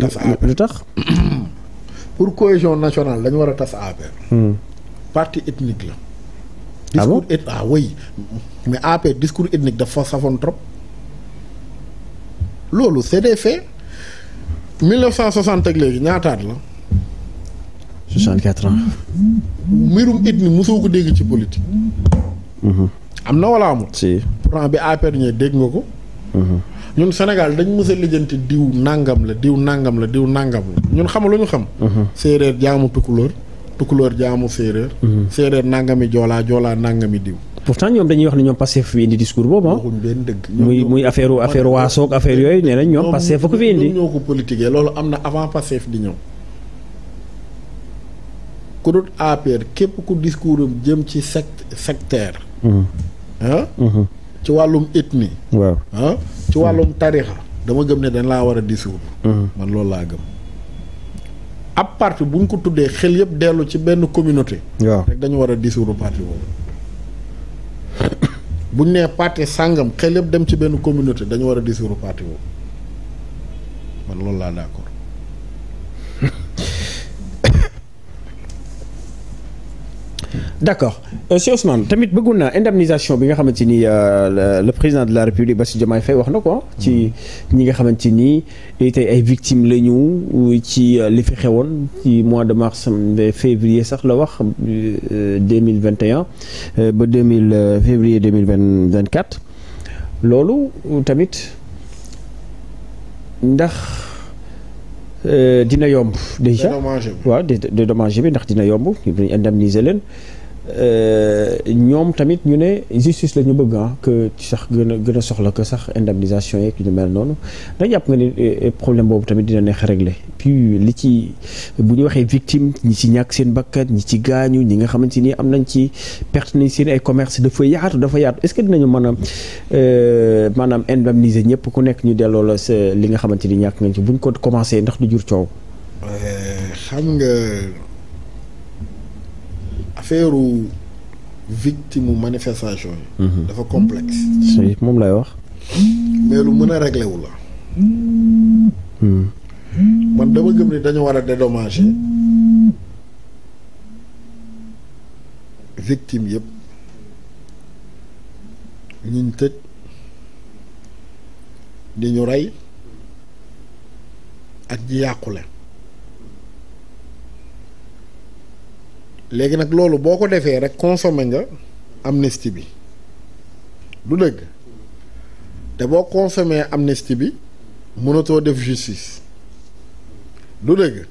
tas APR lu tax. pour cohésion nationale dañu war a tas APR. Hmm. parti ethnique la. ah bon ah mais APR discours ethnique dafa safoon trop. loolu c'est des faits. 1960 ak léegi ñaataat la. 64 ans. mbirum ethnie mosoo ko dégg ci politique. Hmm. am na wala amul. si pourtant bi APR ñëwee dégg nga ko. Mm-hmm. ñun Sénégal dañ mës a lijjanti diw nàngam la diw nàngam la diw nàngam la ñun xamu lu ñu xam. Mm-hmm. séeréer jaamu tukulóor tukulóor jaamu séeréer. Mm-hmm. séeréer nàngami joolaa joolaa nàngami diw. pourtant ñoom dañuy wax ne ñoom Pastef fi indi discours boobu ah. benn dëgg. muy muy affaire affaire waasoog affaire yooyu nee nañ ñoom Pastef fa ko fi indi. ñoo ko loolu am na avant Pastef di ñëw. ku dul képp ku discours jëm ci sect ci wàllum ethnie. waaw ah ci wàllum tarixa dama gëm ne dañ laa war a disiwul mm-hmm. man loolu laa gëm. ab parti bu ñu ko tuddee xel yëpp dellu ci benn communauté. waaw rek dañu war a disiwul parti boobu. bu ñu nee parti sàngam xel yëpp dem ci benn communauté dañu war a disiwul parti boobu man loolu laa ko d'accord euh, si Ousmane tamit bëggoon naa indemnisation bi nga xamante ni euh, le président de la république Bassirou Diomaye Faye wax na ko ah, ci ñi nga xamante ni tey ay victime la ñu euh, ci li fi xewoon ci mois de mars février sax la wax deux mille vingt et ba deux mille février deux mille vingt quatre loolu tamit ndax dina yomb déjà waaw dédommagé bi ndax dina yomb ñu indemniser leen Euh, ñoom tamit ñu ne justice la ñu bëgg ah que sax gën a gën a soxla ko sax indemnisation yeeg ñu mel noonu da jàpp nga ni eh, problème boobu tamit dina neex réglé puis li ci bu ñu waxee victime ñi ci ñàkk seen bakkat ñi ci gaañu ñi nga xamante ni am nañ ci perte nañ seen ay commerce dafa yaatu dafa yaatu est-ce que dinañu mën a euh, maanaam indemniser ñëpp ku nekk ñu delloo la li nga xamante ni ñàkk nañ ci buñ ko commencé ndax du jur coow. Euh, xam nga. affaire victime manifestation yi. Mhm. dafa complexe. si moom laay wax. mais lu mën a réglé wu la. Hmm. man dama gëm ni dañu war a dédommager victime yëpp ñuñ tëj di ñu rey ak ñi yàqule. léegi nag loolu boo ko defee rek consommé nga amnistie bi lu dëgg te boo consommé amnistie bi mënatoo def justice lu dëgg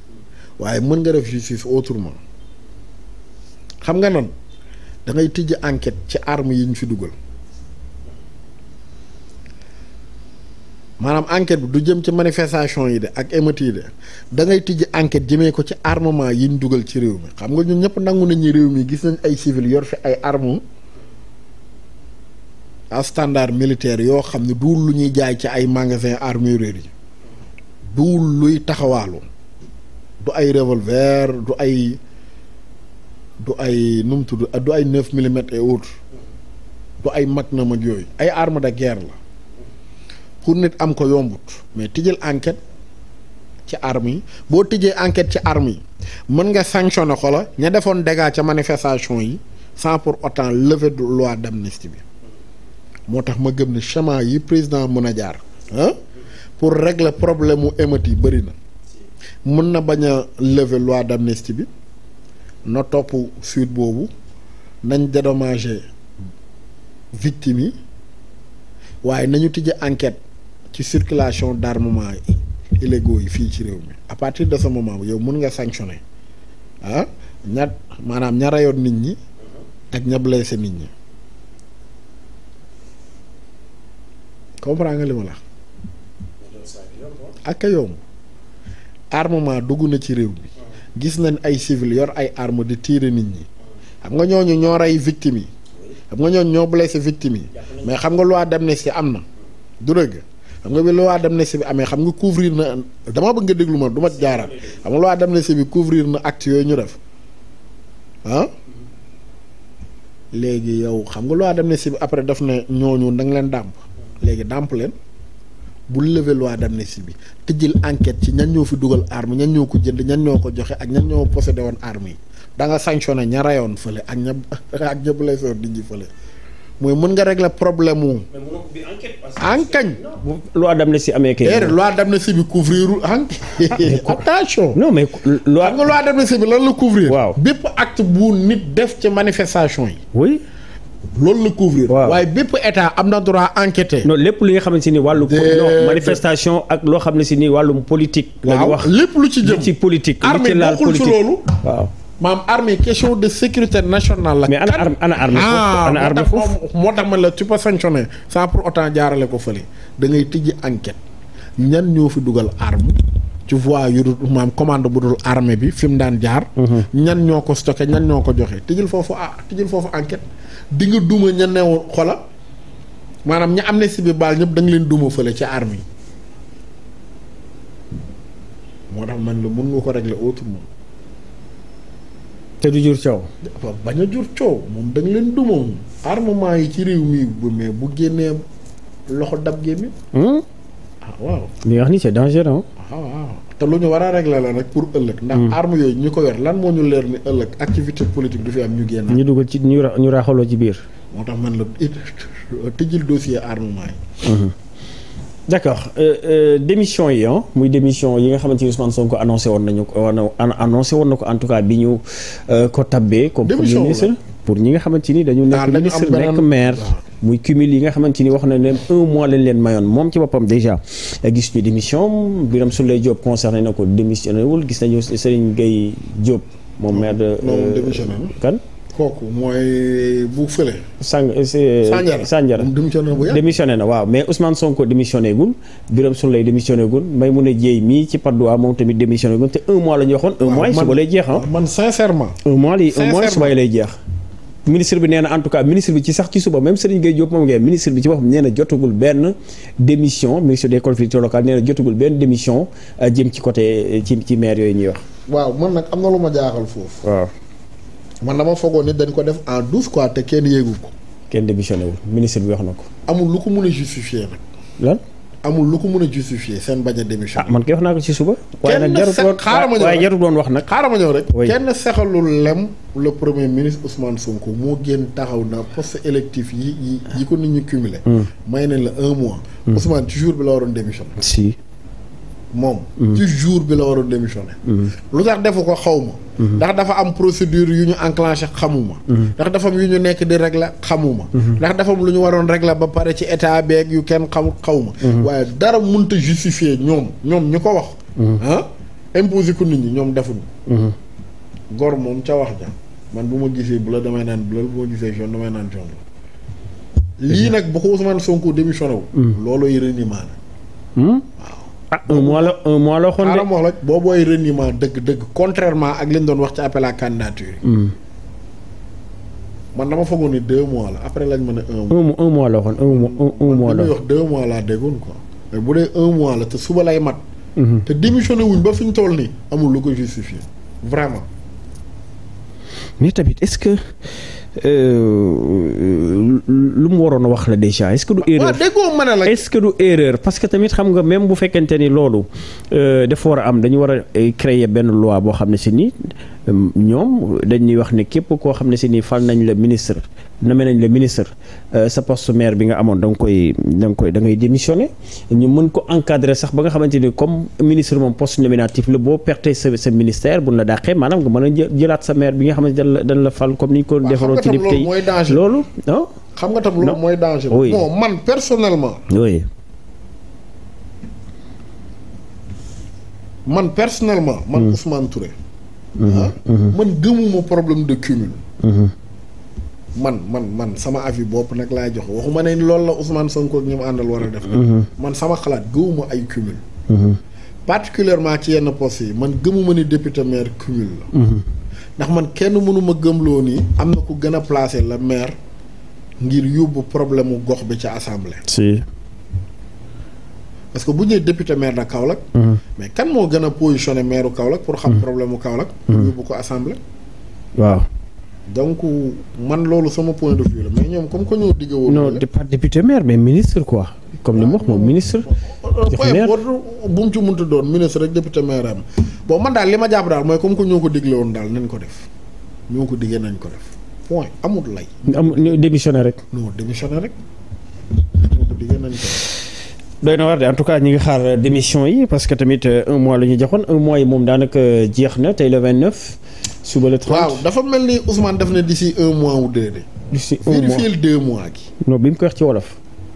waaye mën nga def justice autrement xam nga nan da ngay tijji enquête ci arme yi ñu fi dugal. maanaam enquête bi du jëm ci manifestation yi de ak émeutes yi de da ngay tijji enquête jëmee ko ci armement yi ñu dugal ci réew mi xam nga ñun ñëpp nangu nañu réew mi gis nañ ay civil yor fi ay armes à standard militaire yoo xam ne duul lu ñuy jaay ci ay magasin armurerie yi duul luy taxawaalu du ay revolver du ay du ay nu tudd du ay neuf millimètres et autres du ay mag na mag yooyu ay arme de guerre la pour nit am ko yombut mais tijjal enquête ci armes boo tijjee enquête ci armes mën nga sanctionné xola ña defoon dégâts ca manifestation yi sans pour autant leve de loi d'amnistie bi moo tax ma gëm ne chemin yi président mën a jaar pour régler problème mu émeutes yi bëri na mën na bañ a lever loi d'amnistie bi na topp suite boobu nañ dédommager victimes yi waaye nañu tijje enquête ci circulation d' armement illégaux yi fii ci réew mi à partir de sa moment yow mun nga sanctionner ah ña maanaam ña rayoon nit ñi ak ña blessé nit ñi comprend nga li ma ak a yomb armement dugg na ci réew mi gis na ay civil yor ay arme di tiire nit ñi xam nga ñooñu ñoo rey victime yi xam nga ñooñu ñoo blessé victime yi mais xam nga dem ne si am na du dëgg xam nga bi dem d'amnistie bi amee xam nga couvrir na dama bëgg nga déglu ma du ma jaaraat xam nga loi d'amnistie bi couvrir na acte ñu def ah léegi yow xam nga loi d'amnistie bi après def na ñooñu da nga leen dàmp léegi dàmp leen bu lever loi d'amnistie bi tëjil enquête ci ñan ñoo fi dugal arme ñan ñoo ko jënd ñan ñoo ko joxe ak ñan ñoo possédé woon arme yi da nga sanctionné ña rayoon fële ak ña ak ña blessé woon di ji fële mooy mën nga régler problème mu. enquête loi d'amnistie amee kay. déedéet loi d'amnistie bi couvrir attention. non mais loi xam nga loi d'amnistie bi lan la couvrir. waaw bépp acte bu nit def ci manifestation yi. oui. loolu la couvrir. waaw waaye bépp état am na droit enquêter. noonu lépp li nga xamante ni wàllu. Eh, eh. manifestation ak loo xam ne si ni wàllum politique. la wax lépp lu ci jëm ci politique. lu ci loolu. maam armée question de sécurité national la. mais ana arme ana arme ah, ana arme foofu moo tax man la tu peux sanctionner sans pour autant jaarale ko fële da ngay tijji ñan ñoo fi dugal arme ci voie yu dul maam commande bu dul armée bi fi mu daan jaar. Mhm. ñan ñoo ko stocké ñan ñoo ko joxe tijjil foofu ah tijjil foofu enquête di nga duma ña newoon xola maanaam ña am ne si baal ñëpp da leen duma fële ci armée yi moo tax man la mën nga ko régler moom te du jur coow. bañ a jur coow moom da nga leen dumoon armement yi ci réew mi bu mais bu génnee loxo dab gémmi. Hmm? ah waaw. li wax ni c'est dangereux. waaw ah, waaw te lu ñu war a régler la rek pour ëllëg. ndax hmm. arme yooyu ñu ko yor lan moo ñu leer ni ëllëg activité politique du fi am ñu génn. ñu dugal ci ñu ra ñu raxaloo ci biir. moo tax man la tëjil dossier armement yi. Hmm. d' accord euh, euh, démission yi ah muy démission yi nga xamante ni Ousmane Sonko annoncé woon nañu ko annoncé woon na ko en tout cas bi ñu euh, ko tabbee. comme pour ñi nga xamante ni dañu nekk ah, ministre nekk maire. muy cumul yi nga xamante ni wax na leen un mois lañ leen mayoon moom ci boppam déjà gis ñu démission Birame Souleye Diop concerné na ko démissionné wul gis nañu Serigne Gueye Diop. moom maire de. moom euh, démissionné kan. kooku mooy bu fële. sang eh, euh, Sandiara démissionné na démissionné na waaw mais Ousmane Sonko démissionné gul Birame Souleye démissionné gul may mun a jéey mii ci Padoa moom tamit démissionné gul te un mois la ñu waxoon. un mois suba lay jeex ah. lay jeex. ministre bi nee na en tout cas ministre bi ci sax ci suba même Serigne Gueye Diop moom ngay ministre bi ci boppam nee na jotagul benn démission ministre des collectivités locales nee na benn démission euh, jëm ci côté ci ci maire yooyu ñuy wax. waaw man nag am na lu ma jaaxal foofu. man dama foogoon ni dañ ko def en douce quoi te kenn yéegu ko. kenn démissionné wul ministre bi wax na ko. amul lu ko mun a justifier nag. lan. amul lu ko mun a justifier seen bañ a ah man kay wax naa ko ci suba. waaye nag jarul doon waaye jarul doon wax nag. xaaral ma ñëw rek. kenn sexalul lem. le premier ministre Ousmane Sonko moo génn taxaw na poste électif yi yi yi ko nit ñu cumulé. Hmm. may nañ la un mois. Hmm. Ousmane toujours bi la waroon démission. si. moom. ci jour bi la waroon démissionné. lu tax defu ko xaw ma. ndax dafa am procédure yu ñu enclenché xamuma. ndax dafa am yu ñu nekk di régler xamuma. ndax dafa am lu ñu waroon régler ba pare ci état beeg yu kenn xamul xaw waaye dara mënut a justifier ñoom ñoom ñu ko wax. ah ku ko nit ñi ñoom defuñu. gor moom ca wax ja man bu ma gisee bu la damay naan bu la bu ma gisee jaune damay naan jaune lii nag bu ko Ousmane Sonko démissionné wu. Mm. looloo yëre ni mm. waaw. ah un mois la un mois la xonde xaaral ma wax la boo booy reniement dëgg-dëgg contrairement ak li ñu doon wax ci appel à candidature yi. Hmm. man dama foogoon mois la après lañ mën a un mois. la waxoon un mois la wax deux bu dee la te suba lay mat. Hmm. te démissionné wuñ ba fi ñu toll nii amul lu ko justifier vraiment. mais ce que. Euh, lu mu waroon a wax la déjà est-ce que du ah, erreur est-ce que du parce que tamit xam nga même bu fekkante ni loolu euh, dafa war a am dañu war a euh, créer benn loi boo xam ne si ni ñoom dañuy wax ni képp koo xam ne si ni fal nañ la ministre nommé nañ la ministre euh, sa poste maire bi nga amoon da koy da nga koy da ngay ñu mën ko encadrer sax ba nga xamante ni comme ministre moom poste nominatif la boo perte sa sa ministère bu la dàqee maanaam nga mën a jëlaat sa maire bi nga xamante dañ la dañ la fal comme ni ñu ko defaroon ci député yi loolu non xam nga tam loolu mooy danger bon man personnellement oui man personnellement man hmm. Ousmane Mm-hmm. man gëmuma problème de cumul. Mm-hmm. man man man sama avis bopp nag laay jox waxuma ne loolu la Ousmane Sonko ak ñi mu àndal war a def. Mm-hmm. man sama xalaat gëmuma ay cumul. particulièrement ci yenn poste yi man gëmuma ni député maire cumul la. ndax man kenn mënuma gëmloo nii am na ku gën a placé la maire ngir yóbbu problème mu gox bi ca assemblée. si. parce que bu ñu nee député maire de Kaolack. Mhm. mais kan moo gën a positionné maire Kaolack. pour xam mhm. problème mu Kaolack. Mhm. yóbbu ko assemblée. waaw. donc man loolu sama point de vue la mais ñoom comme que ñoo digg woon. non pas député maire mais doon ministre rek député maire am. bon man daal li ma jàpp mooy comme que ñoo ko digle woon daal nañ ko def ñoo ko nañ ko def point amul lay. am démissionné rek. non démissionné rek ñoo ko diggee nañ doy na waar de en tout cas ñi ngi xaar démission yi parce que tamit euh, un mois la ñu joxoon un mois yi moom daanaka euh, jeex na tey le 29 suba le 30 waaw dafa mel ni Ousmane daf na d'ici un mois ou deux de. d'ici un mois mois gi. non mu ko wax ci wolof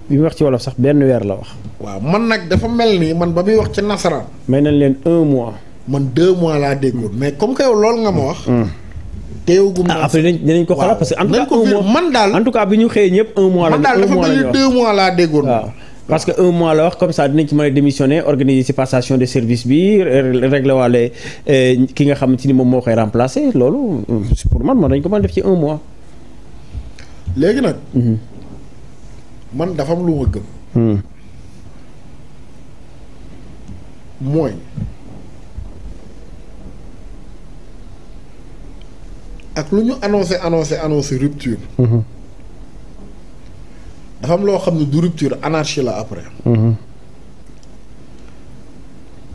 bi mu wax sax benn weer la wax. waaw man nag dafa mel ni man ba muy wax ci nasaraan. may nañ leen un mois. man deux mois laa déggoon mais comme que yow loolu nga ma wax. Mm. teewagum ah, naa après dinañ ko xalaat man daal en tout cas bi ñu xëyee ñëpp un mois la. un laa déggoon. waaw parce que un mois la wax comme ça dinañ ci mën a démissionner organiser ci passation de service bi régler waale eh, ki nga xamante ni moom moo koy remplacer loolu pour man man dañ ko mën def ci un mois. léegi nag. Mhm. man dafa lu ma gëm. Hmm. mooy ak lu ñu annoncé annoncé annoncé rupture. Mhm. dafa am loo xam ne du rupture anarchie la après. Mhm.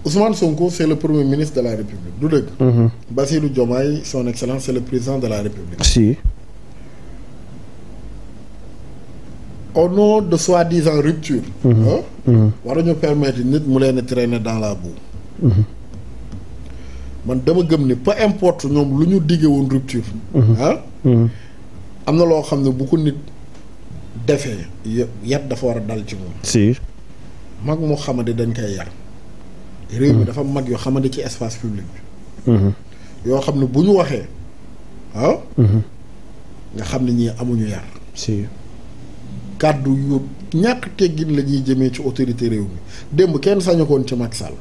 Ousmane Sonko c' est le premier ministre de la République du dëgg. Mhm. Bassirou Diomaye son excellence c' est le président de la République. si. au nom de soi-disant rupture. Mhm. ñu permettre nit mu leen traîner dans la boue. man dama gëm ni peu importe ñoom lu ñu diggee woon rupture. am na loo xam ne bu ko nit. defee yat dafa war a dal ci moom. si. mag mu xamante dañ koy yar. réew mi hmm. dafa mag yoo xamante ci espace public bi. Hmm. yoo xam ne bu ñu waxee ah. Hmm. nga xam ne ñii amuñu yar. si. kàddu yu ñàkk teggin la ñuy jëmee ci autorité réew mi démb kenn sañu koon ci Macky Sall.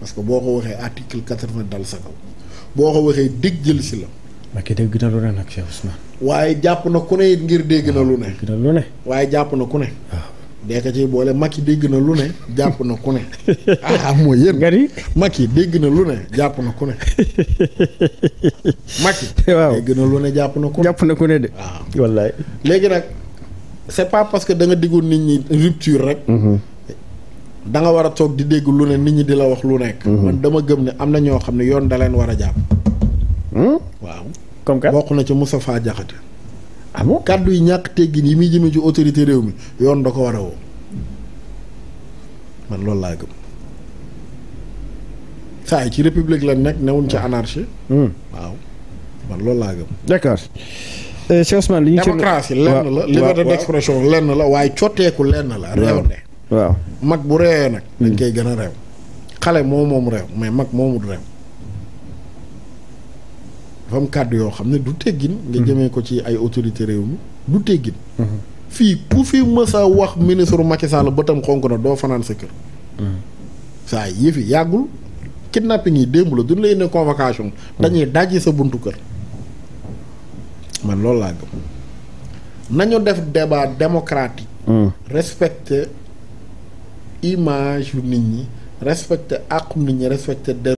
parce que boo ko waxee article quatre-vingt dal sa kaw. boo ko waxee dégg jël si la. Macky dégg na lu ne nag Cheikh Ousmane. waaye jàpp na ku ne it ngir dégg na lu ne. waaye jàpp na ku ne. Ah. deka ci boole yi dégg na lu ne jàpp na ku ne ah, ah mooy yéen. nga ni Macky dégg na lu ne jàpp na ku ne. Macky. waaw dégg na lu ne jàpp na ku ne. na ku ne de. waaw ah. wallaay. léegi nag c'est pas parce que da nga nit ñi rupture rek. Mm-hmm. da war a toog di dégg lu ne nit ñi di la wax lu nekk. Mm-hmm. man dama gëm ne am na ñoo xam ne yoon da leen war a jàpp. Hmm? waaw. comme que na ci Moustapha Diakhaté. ah bon yi ñàkk teggin yi muy jëmee ci autorité réew mi yoon da ko war a woo man loolu laa gëm. saa yi ci république la nekk newuñ ci ah. anarchie. Hmm. waaw man loolu laa gëm. d'accord. Euh, Cheikh li ñu ci lenn la liberté d'expression lenn la waaye cotteeku lenn la. réew ne waaw. mag bu réewee nag. dañ hmm. koy gën a réew. xale moo moom réew mais mag moomul réew. dafa kàddu yoo xam ne du teggin. nga hmm. jëmee ko ci ay autorité réew mi du teggin. Hmm. fii ku fi mës a wax ministre Macky Sall bëtam xonk na doo fanaan sa kër. Hmm. saa yëf yi yàggul kidnapping yi démb la duñ lay ne convocation. dañuy dajji sa buntu kër. man loolu laa gëm nañu def débat démocratique. respecter image yu nit ñi respecter àqu nit ñi respecter.